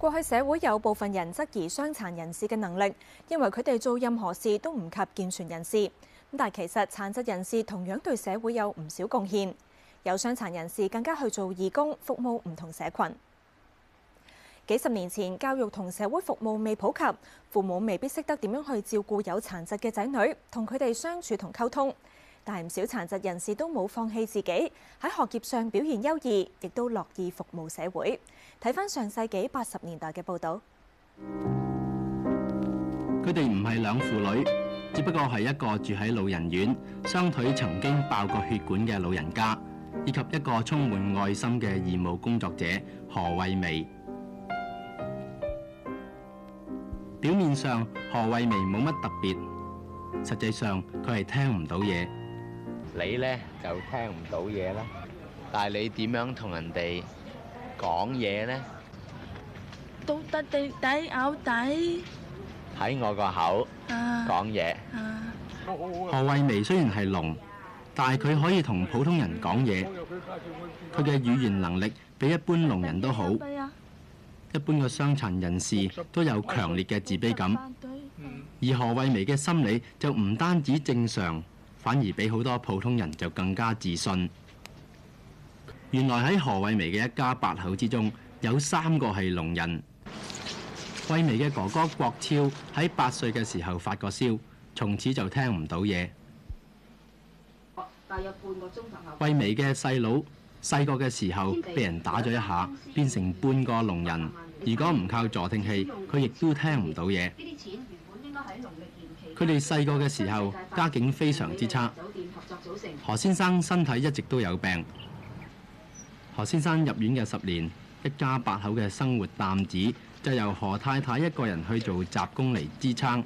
過去社會有部分人質疑傷殘人士嘅能力，因為佢哋做任何事都唔及健全人士。咁但係其實殘疾人士同樣對社會有唔少貢獻，有傷殘人士更加去做義工，服務唔同社群。幾十年前，教育同社會服務未普及，父母未必識得點樣去照顧有殘疾嘅仔女，同佢哋相處同溝通。但唔少殘疾人士都冇放棄自己，喺學業上表現優異，亦都樂意服務社會。睇翻上世紀八十年代嘅報道，佢哋唔係兩父女，只不過係一個住喺老人院、雙腿曾經爆過血管嘅老人家，以及一個充滿愛心嘅義務工作者何惠美。表面上何惠美冇乜特別，實際上佢係聽唔到嘢。你呢就聽唔到嘢啦，但係你點樣同人哋講嘢呢？都得的，抵咬抵。睇我個口講嘢。何慧薇雖然係聾，但係佢可以同普通人講嘢，佢嘅語言能力比一般聾人都好。一般嘅傷殘人士都有強烈嘅自卑感，而何慧薇嘅心理就唔單止正常。反而比好多普通人就更加自信。原來喺何惠薇嘅一家八口之中，有三個係聾人。惠薇嘅哥哥郭超喺八歲嘅時候發過燒，從此就聽唔到嘢。惠薇嘅細佬細個嘅時候被人打咗一下，變成半個聾人。如果唔靠助聽器，佢亦都聽唔到嘢。佢哋細個嘅時候家境非常之差。何先生身體一直都有病。何先生入院嘅十年，一家八口嘅生活擔子就由何太太一個人去做雜工嚟支撐。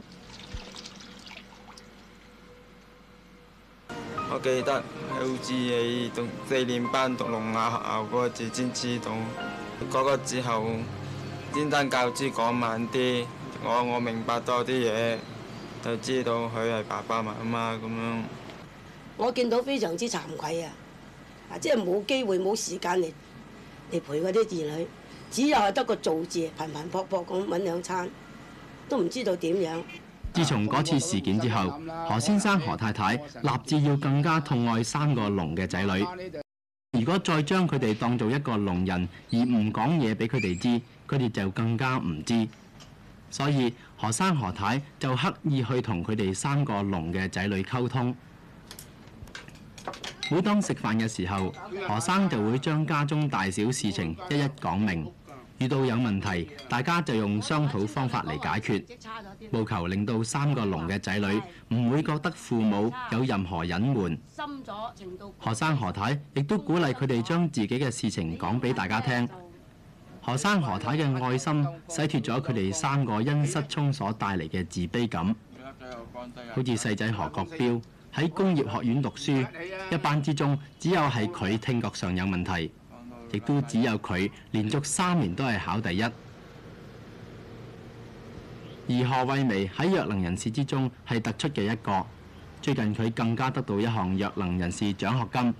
我記得好似喺四年班讀聾啞學校嗰陣先知道嗰個之後，先生教書講慢啲，我我明白多啲嘢。就知道佢係爸爸咪阿媽咁樣。我見到非常之慚愧啊！即係冇機會冇時間嚟嚟陪嗰啲兒女，只有係得個做字，頻頻撲撲咁揾兩餐，都唔知道點樣。自從嗰次事件之後，何先生何太太立志要更加痛愛三個聾嘅仔女。如果再將佢哋當做一個聾人而唔講嘢俾佢哋知，佢哋就更加唔知。所以何生何太就刻意去同佢哋三個聾嘅仔女溝通。每當食飯嘅時候，何生就會將家中大小事情一一講明。遇到有問題，大家就用商討方法嚟解決，務求令到三個聾嘅仔女唔會覺得父母有任何隱瞞。何生何太亦都鼓勵佢哋將自己嘅事情講俾大家聽。何生何太嘅愛心洗脱咗佢哋三個因失聰所帶嚟嘅自卑感。好似細仔何國彪喺工業學院讀書，一班之中只有係佢聽覺上有問題，亦都只有佢連續三年都係考第一。而何惠薇喺弱能人士之中係突出嘅一個，最近佢更加得到一項弱能人士獎學金。